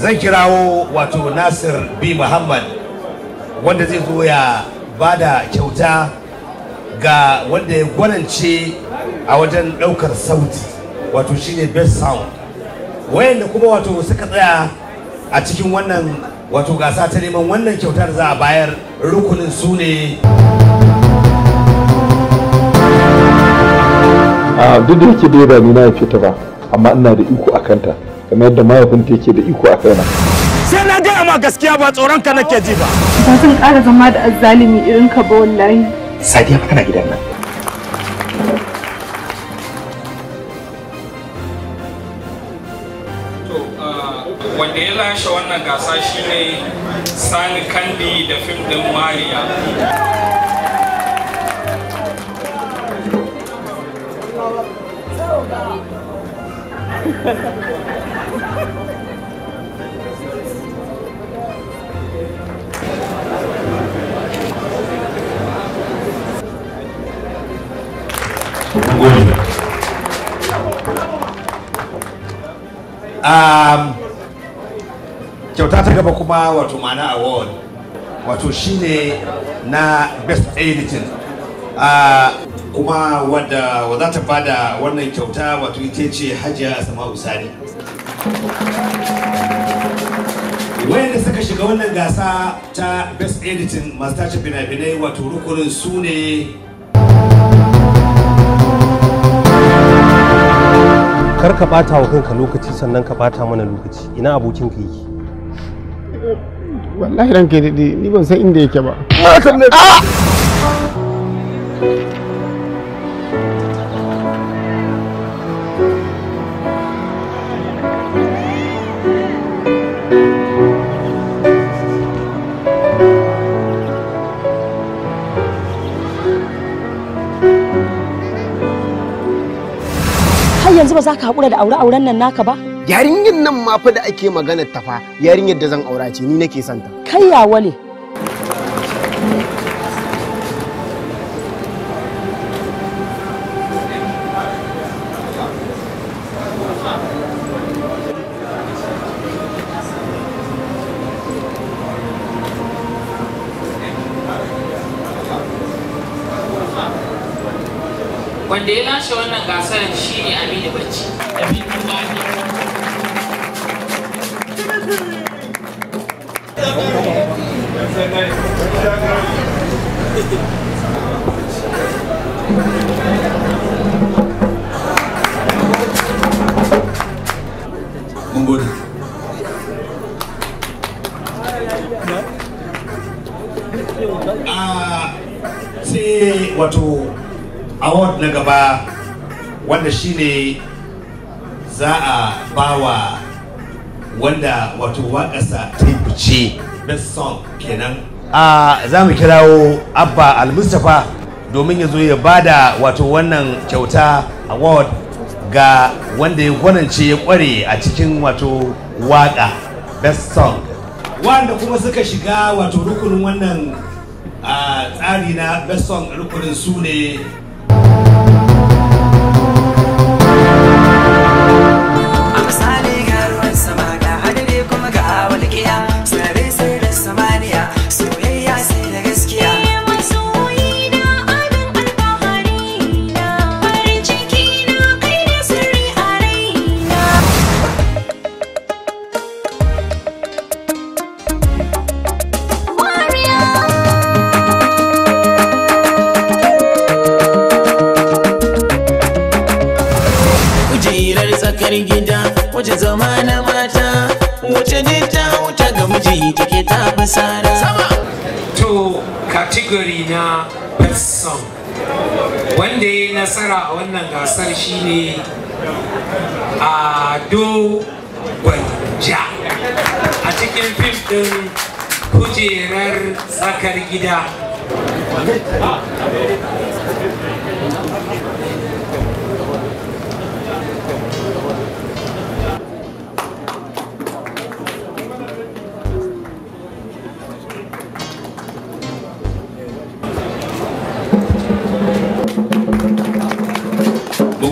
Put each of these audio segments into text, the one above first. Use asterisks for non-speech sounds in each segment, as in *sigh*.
zan kirawo wato nasir b muhammad wanda zai zo ya ba da kyauta ga wanda ya gwanance a wajen ɗaukar sauti wato shine best sound wayanda kuma wato suka tsaya a cikin wannan wato gasa ta neman wannan kyautar za a bayar rukunin su ne duk da yake dai ba nuna na fita ba amma ina da iko a kanta kamar yadda mahaifinta yake da iko a kaina sai na gaya ma gaskiya ba tsoron ka nake ji ba ba zan ƙara zama da azzalimi irin ka ba wallahi sadiya ba kana gidan nan uh, wanda ya lashe wannan gasa shine sani kandi da fim din mariya *laughs* Um, kyauta ta gaba kuma wato mana award wato shine na best editing uh, kuma wadda za ta bada wannan kyauta wato ita ce hajiya sama'u sani wayanda suka shiga wannan gasa ta best editing masu tace bina-binai wato rukunin su ne kar ka bata wa kanka lokaci sannan ka bata mana lokaci ina abokin ka yake wallahi ranka daɗe ni ban san inda yake ba yanzu ba za ka haƙura da aure-auren nan naka ba? Yarinyar nan ma fa da ake maganar ta fa yarinyar da zan aura ce ni nake son ta. Kai ya wale. wanda ya lashe wannan gasar shi ne aminu bacci Mun Ah, sai wato award na gaba wanda shine za a bawa wanda wato waƙasa ta fice best song kenan a za mu kirawo abba al-mustapha domin ya zo ya ba da wato wannan kyauta award ga wanda ya gwanance ya kware a cikin wato waka best song wanda kuma suka shiga wato rukunin wannan tsari na best song rukunin su ne da ta wuta ga miji take ta fasara to category na best song wanda ya nasara a wannan gasar shine ado gwanja a cikin fim ɗin kujerar tsakar gida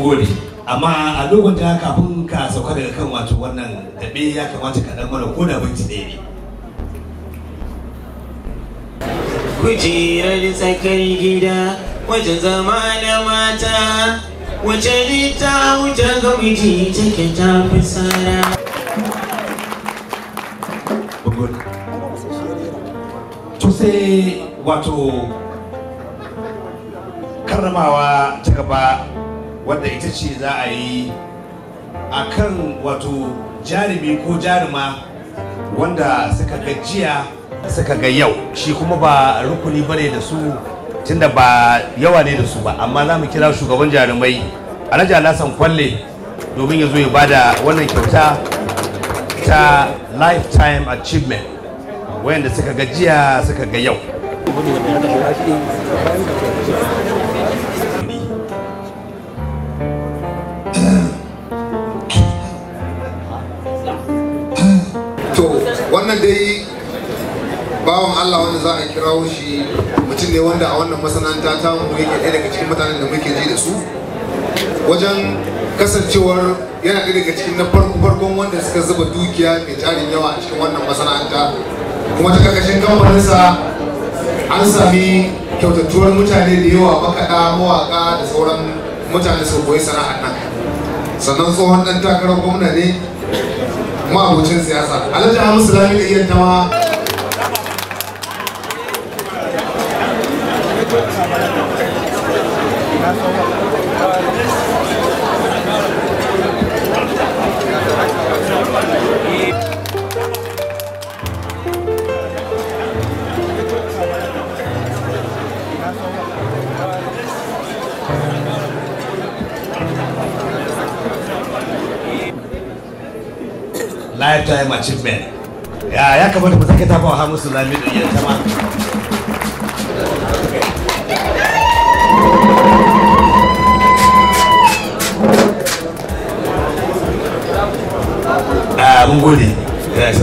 gode amma a lokacin kafin ka sauka daga kan wato wannan daɓe ya kamata ka dan mana ko da minti ne kujerar tsakar gida wajen zama da mata wace ne ta wuce ga miji take ta fisara wato karramawa ta gaba wadda ita ce za a yi a kan wato jarumi ko jaruma wanda suka gajiya suka ga yau shi kuma ba rukuni bane da su tunda ba yawa ne da su ba amma za mu kira shugaban jarumai alhaji alhassan kwalle domin ya zo ya bada wannan kyauta ta lifetime achievement wayanda suka gajiya suka ga yau to wannan dai bawan Allah wanda za a kirawo shi mutum ne wanda a wannan masana'anta ta mu yake ɗaya daga cikin mutanen da muke ji da su wajen kasancewar yana ɗaya daga cikin na farko farkon wanda suka zuba dukiya mai jarin yawa a cikin wannan masana'anta kuma ta karkashin kamfaninsa an sami kyautattuwar mutane da yawa makaɗa mawaƙa da sauran mutane su koyi sana'ar nan sannan tsohon ɗan takarar gwamna ne ma'abocin siyasa alhaji hamisu lami da iya tama Thank you. lifetime achievement ya ya kamata mu sake tafa wa musu zami da a mun gode ya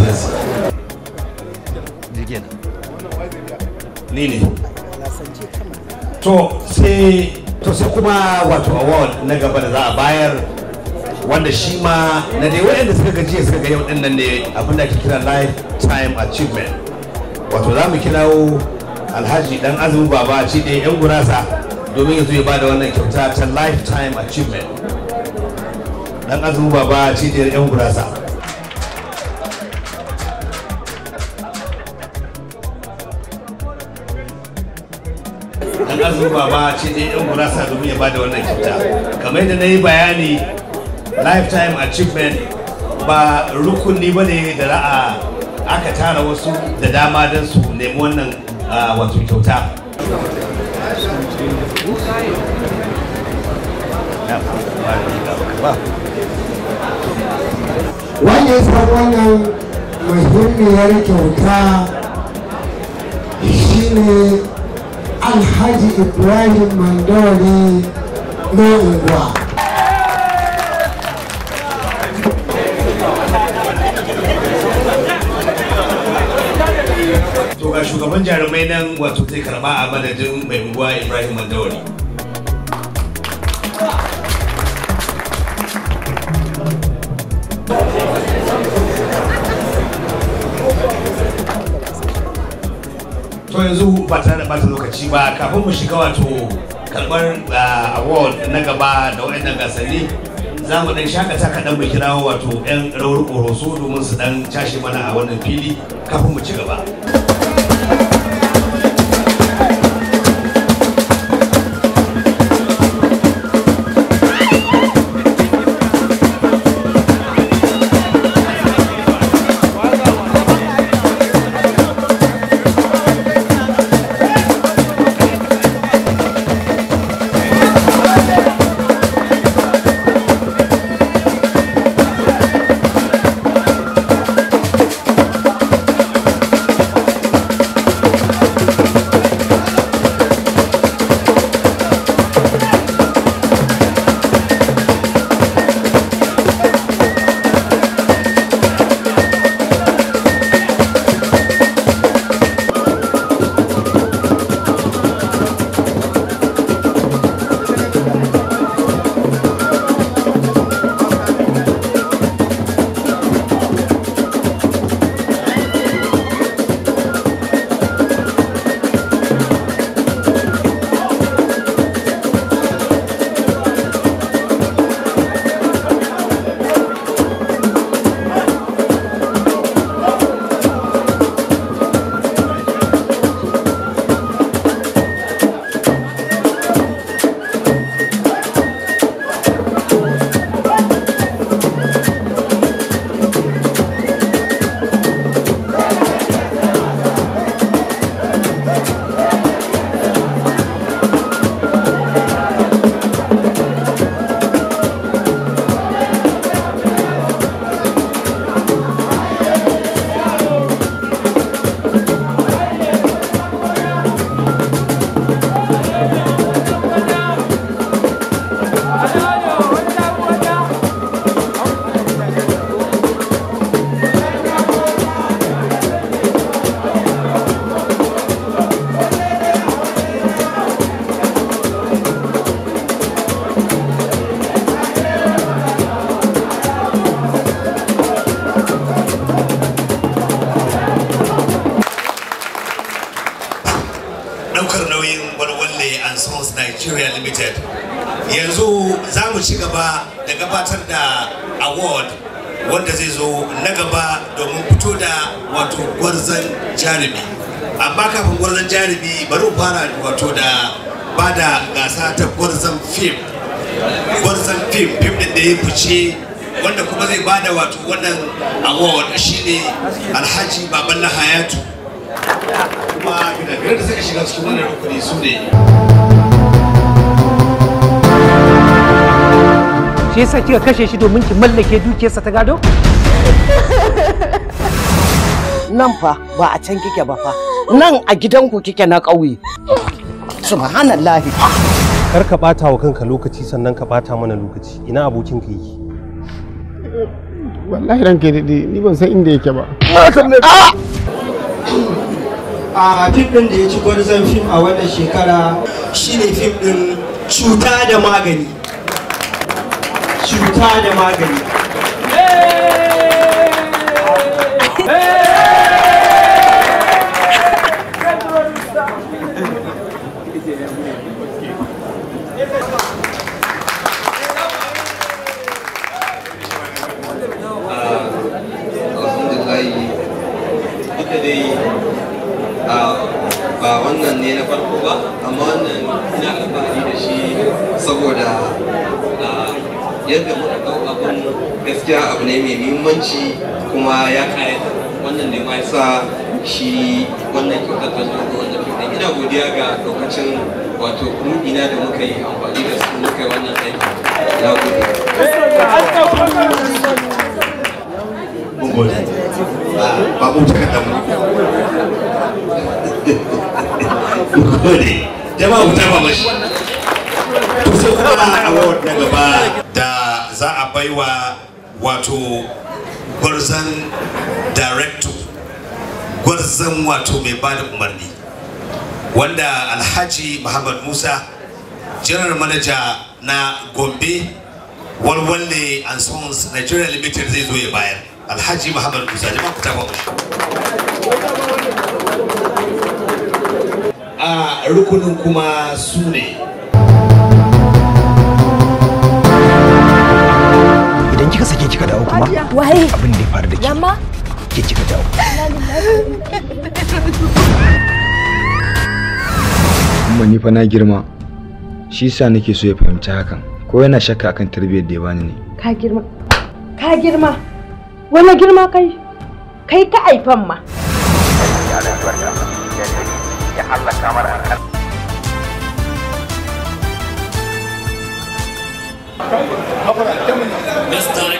ni ne to sai to sai kuma wato award na gaba da za a bayar wanda shi ma na dai wayanda suka gaji suka ga yau din nan ne abinda ake kira lifetime achievement wato za mu kirawo alhaji dan azumi baba a ci ɗaya yan gurasa domin yanzu ya bada wannan kyauta ta lifetime achievement dan azumi baba a ci ɗaya yan gurasa dan azumi baba a ci ɗaya yan gurasa domin ya bada wannan kyauta kamar yadda na yi bayani lifetime achievement ba rukuni ba ne da ra'a aka tara wasu da dama don su nemi wannan wato kyauta wanda ya samu wannan muhimmiyar kyauta shi ne alhaji ibrahim mandori na unguwa ga shugaban jarumai nan wato zai karba a madadin mai unguwa ibrahim mandawari to yanzu ba tare da bata lokaci ba kafin mu shiga wato karbar ah, award na gaba da waɗannan gasanni za mu dan shakata kaɗan mu kirawo wato 'yan rawar ƙoroso domin su dan cashe mana a wannan fili kafin mu ci gaba. award wanda zai zo na gaba domin fito da wato gwarzon jarumi amma kafin gwarzon jarumi bari fara wato da bada gasa ta gwarzon fim gwarzan fim fim din da ya fice wanda kuma zai bada wato wannan award shine alhaji baban hayatu kuma gina gina da suka shiga cikin wannan rukuni su ne shi yasa kika kashe shi domin ki mallake dukiyarsa ta gado nan fa ba a can kike ba fa nan a gidanku kike na ƙauye Subhanallah. kar ka bata wa kanka lokaci sannan ka bata mana lokaci ina abokin ka yi wallahi ke dade ni ban san inda yake ba ah! a fim din da ya ci gwarzon fim a wannan shekara shine fim din cuta da magani cuta da magani ah, ba wannan ne na farko ba amma wannan ina amfani da shi saboda yadda muka ɗau abin gaskiya abu ne mai muhimmanci kuma ya kayata wannan ne sa shi wannan kyautar ta zo wannan kyautar ina godiya ga lokacin wato ina da muka yi amfani da su muka yi wannan aiki na gode mun gode ba gode mashi kuma a na gaba za a baiwa wato gwarzan director gwarzan wato mai ba da umarni wanda alhaji muhammad musa general manager na gombe walwalle and sons nigeria limited zai zo ya bayar alhaji muhammad musa jama'a ku taba a rukunin kuma su ne sake kika dawo kuma waye abin da ya faru da ke yamma ke kika dawo Amma ni fa na girma shi sa nake so ya fahimci hakan ko yana shakka akan tarbiyyar da ya bani ne ka girma ka girma wani girma kai kai ka aifan ma ya Allah mara hankali Mr.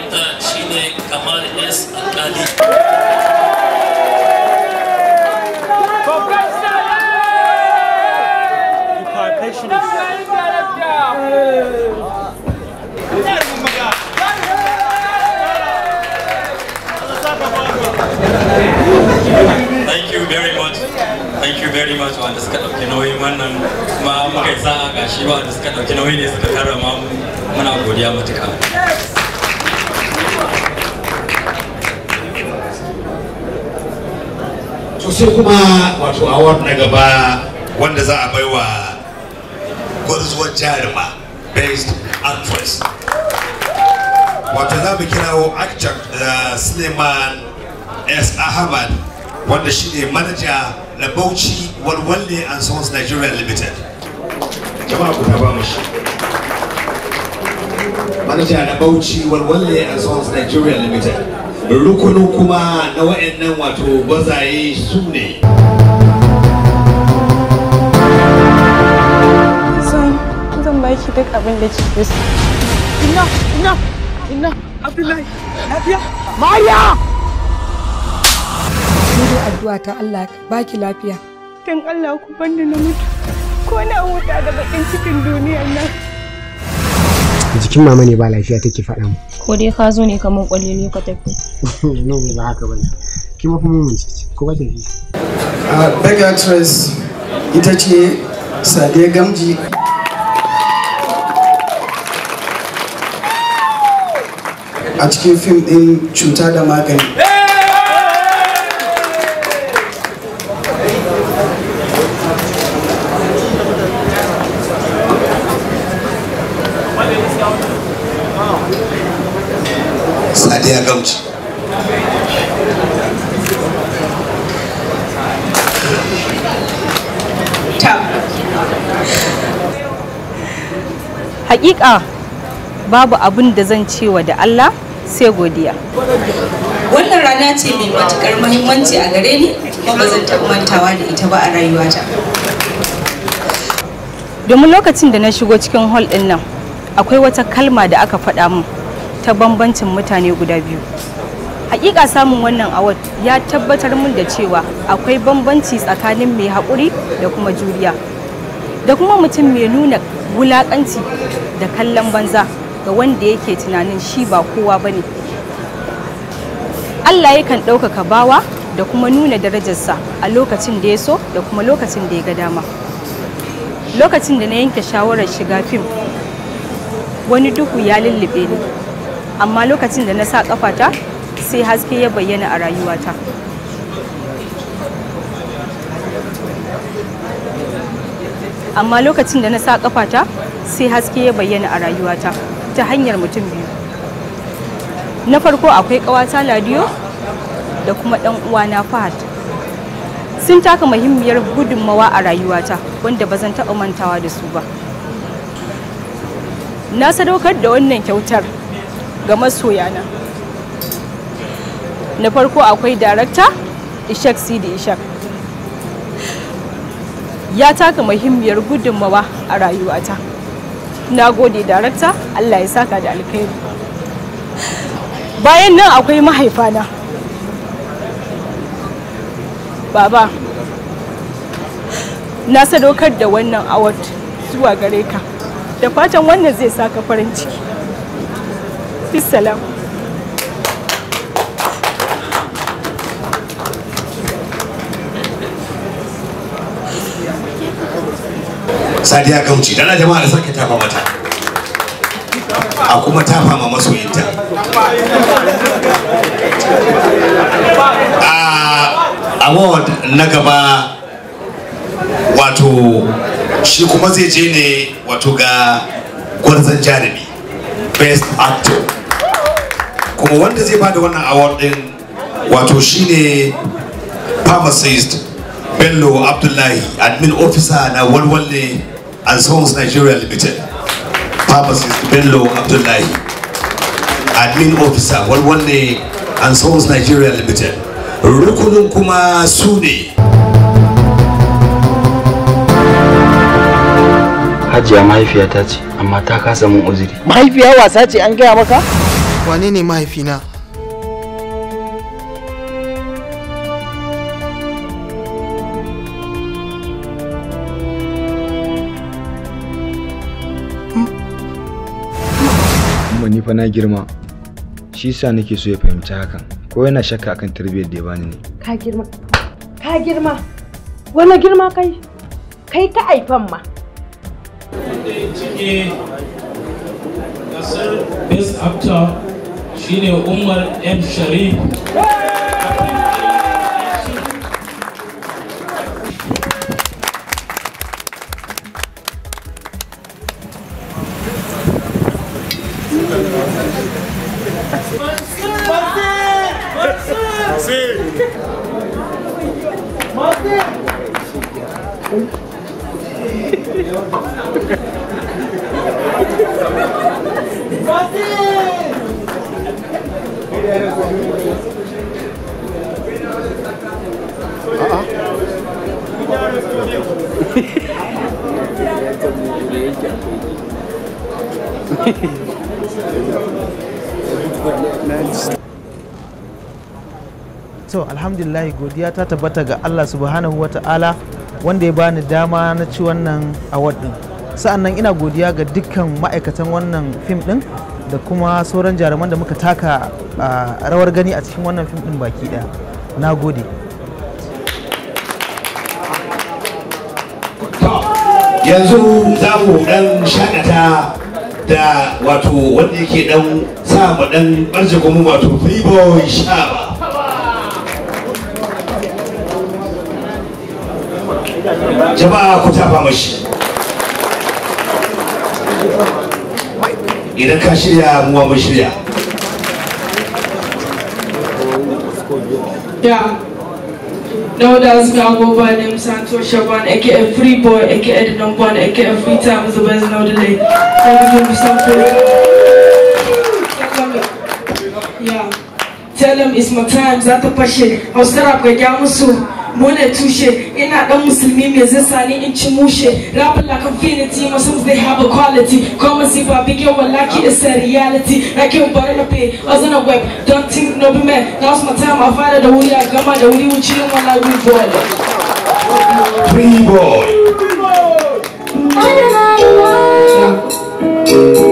kamar s alkali Thank you very much. Thank you very much wanda suka ɗauki nauyi wannan ma muka yi sa'a ga shi wanda suka ɗauki nauyi ne suka karrama mu muna godiya matuƙa. sai kuma wato award na gaba wanda za a baiwa gwarzuwar jarima based actress wato za mu kirawo actor uh, suleiman s ahmad wanda shi ne manaja na bauchi walwalle and sons nigeria limited jama'a ku ba mu shi manaja na bauchi walwalle and sons nigeria limited rukunin kuma na wa'annan wato gwazaye su ne zan baki duk abin da ke kike su. ina ina ina abdullahi lafiya mariya sai addu'a ta Allah baki lafiya dan Allah ku banda na mutu ko na huta da bakin cikin duniyar nan cikin mama ne ba lafiya take faɗa mu ko dai ka zo ne kamar ne, ka tafi *laughs* no ba haka bane. Ki ma kuma mun ci ko ba tafi a big actress ita ce sadiya gamji a cikin fim din cuta da magani ya gauci hakika babu abin da zan wa da Allah sai godiya wannan rana ce mai matukar muhimmanci a gare ni kuma ba zan taɓa mantawa da ita ba a rayuwata domin lokacin da na shigo cikin hall ɗin nan akwai wata kalma da aka faɗa min ta bambancin mutane guda biyu hakika samun wannan award ya tabbatar mun da cewa akwai bambanci tsakanin mai haƙuri da kuma juriya da kuma mutum mai nuna wulaƙanci da kallon banza ga wanda yake tunanin shi ba kowa ba ne allah yakan ɗaukaka bawa da kuma nuna darajarsa a lokacin da ya so da kuma lokacin da ya ga dama lokacin da na yanke shawarar shiga fim wani duhu ya lullube ni amma lokacin da na sa kafata sai haske ya bayyana a rayuwata amma lokacin da na sa kafata sai haske ya bayyana a rayuwata ta hanyar mutum biyu na farko akwai ƙawata ladiyo da kuma ɗan uwana fahad sun taka muhimmiyar gudunmawa a rayuwata wanda ba zan taɓa mantawa da su ba na sadaukar da wannan kyautar ga masoyana na farko akwai darakta ishak sidi ishak ya taka muhimmiyar gudunmawa a rayuwata na gode darakta allah ya saka da alkhairi bayan nan akwai mahaifana baba na sadaukar da wannan award zuwa gare ka da fatan wannan zai saka farin ciki Bisalam. Sadiya Kauci, dana jama'a da sake tafa mata. A kuma tafa ma masoyinta. A award na gaba wato shi kuma zai je ne wato ga gwarzon jarumi best actor kuma wanda zai bada wannan award din wato shine pharmacist bello abdullahi admin officer na walwalle and Sons nigeria limited pharmacist bello abdullahi admin officer walwalle and Sons nigeria limited rukunin kuma su ne hajiya mahaifiyata ce amma ta kasa mun uzuri mahaifiya wasa ce an gaya maka wane ne mahaifina ni fa na girma shi sa nake so ya fahimci hakan ko yana shakka akan tarbiyyar da ya bani ne ka girma ka girma wani girma kai kai ka aifan ma ciki ƙasar best actor shine umar m sharif alhamdulillah godiya ta tabbata ga Allah subhanahu wata'ala wanda ya bani dama na ci wannan award din sa'annan ina godiya ga dukkan ma'aikatan wannan fim din da kuma sauran jaruman da muka taka rawar gani a cikin wannan fim din baki daya na gode yanzu za mu dan shakata da wato wanda yake dan sa mu dan barje kuma wato free boy ba jama'a ku tafa mashi idan ka shirya muwa mun shirya Yeah. No, that's Gango by name Santo Shaban, aka Free Boy, aka the number one, aka Free Time is the best now delay. Tell him something. Yeah. Tell him it's my time, Zata Pashe. I'll start up with Gamusu. mole tushe ina dan musulmi me zai sani in ci mushe rapping like a vanity my songs they have a quality come and see what big yo like it is a reality like you born in a pay as in a web don't think no be man that's my time my father the way I come out the way you chill when I reward Free boy. Free boy.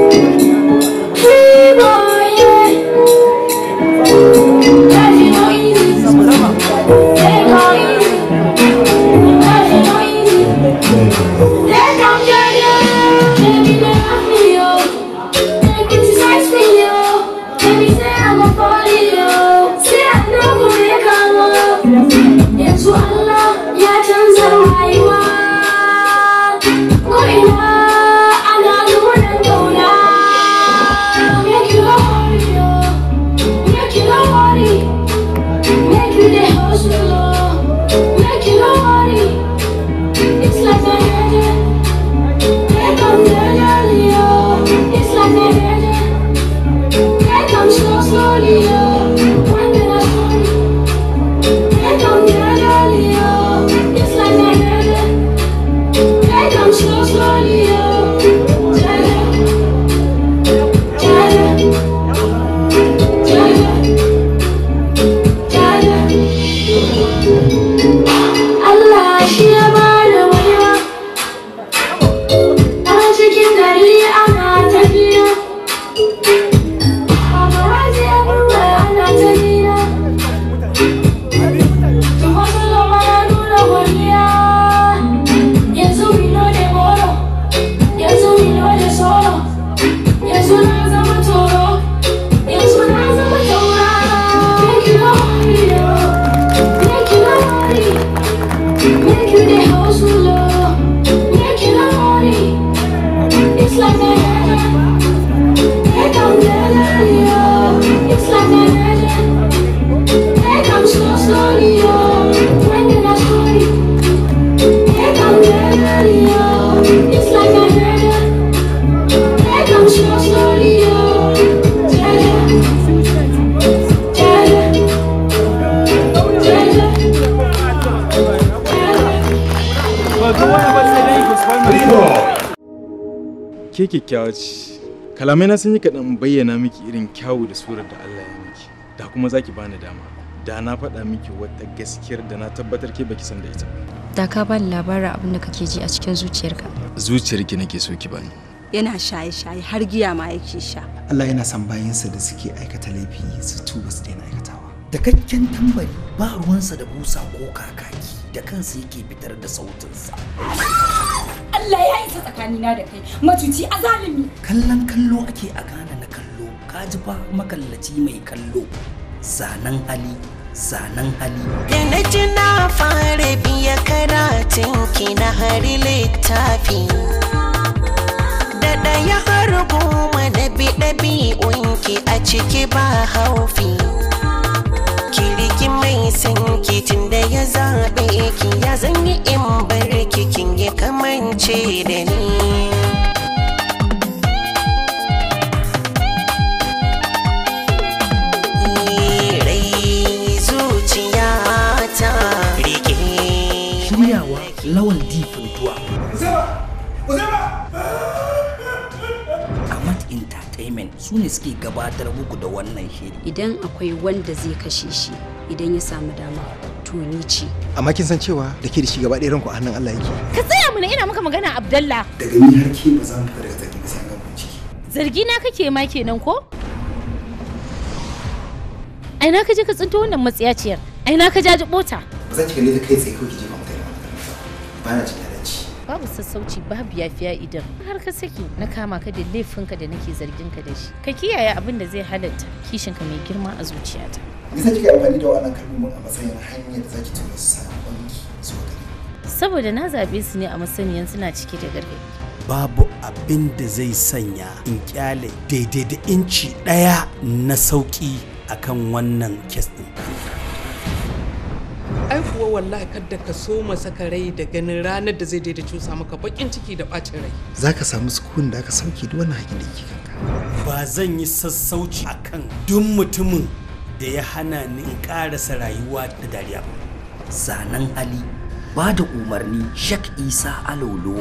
ke kyakkyawa ce kalamai na sun yi kaɗan bayyana miki irin kyawu da surar da Allah ya miki da kuma zaki bani dama da na faɗa miki wata gaskiyar da na tabbatar ke baki san da ita da ka ba ni labarin abin da kake ji a cikin zuciyarka zuciyarki nake so ki bani yana shaye-shaye har giya ma yake sha. Allah yana san bayansa da suke aikata laifi su tuba su daina aikatawa. Da kakken tambari ba ruwansa da busa ko kakaki. da kansa yake fitar da sautinsa. Allah ya isa tsakanina da kai matuci a zalimi. Kallon kallo ake a gane na kallo, ka ji fa makallaci mai kallo. Zanen hali, zanen hali. Da na ji na fara biya karatun ki na hari littafi. Da ɗaya har goma na bi ɗabi'unki a ciki ba haufi. Kiri san kitin da ya zaɓe ki ya zanyi in bar kikin ya kamance da ni Shiryawa lawan difin duwa. Entertainment su ne suke gabatar muku da wannan shiri. Idan akwai wanda zai kashe shi, idan ya samu dama to ni ce amma kin san cewa da ke da shi gaba ɗaya ranku a hannun Allah yake ka tsaya mana ina maka magana Abdallah daga ni har ke ba za mu fita daga zargi ba sai an ciki zargi na kake ma kenan ko ai na kaje ka tsinto wannan matsiyaciyar ai na ka jaji bota ba zan cika ne da kai tsaye ko ki jefa mutane ba na cikin babu sassauci babu yafiya idan har ka saki na kama ka da laifinka da nake zargin ka da shi ka kiyaye abin da zai halatta kishinka mai girma a zuciyata me yasa amfani da wannan kalmomin a matsayin hanyar da zaki tura sakonki zuwa saboda na zabe su ne a masaniyan suna cike da gargadi. babu abin da zai sanya in kyale daidai da inci ɗaya na sauƙi akan wannan kes ɗin. ai kuwa wallahi kadda ka so masa ka rai da ganin ranar da zai daida cusa maka bakin ciki da bacin rai zaka samu sukun da aka sauke duk wannan hakin da kan kanka ba zan yi sassauci akan duk mutumin da ya hana ni in karasa rayuwa da dariya ba zanen hali ba da umarni shak isa alolo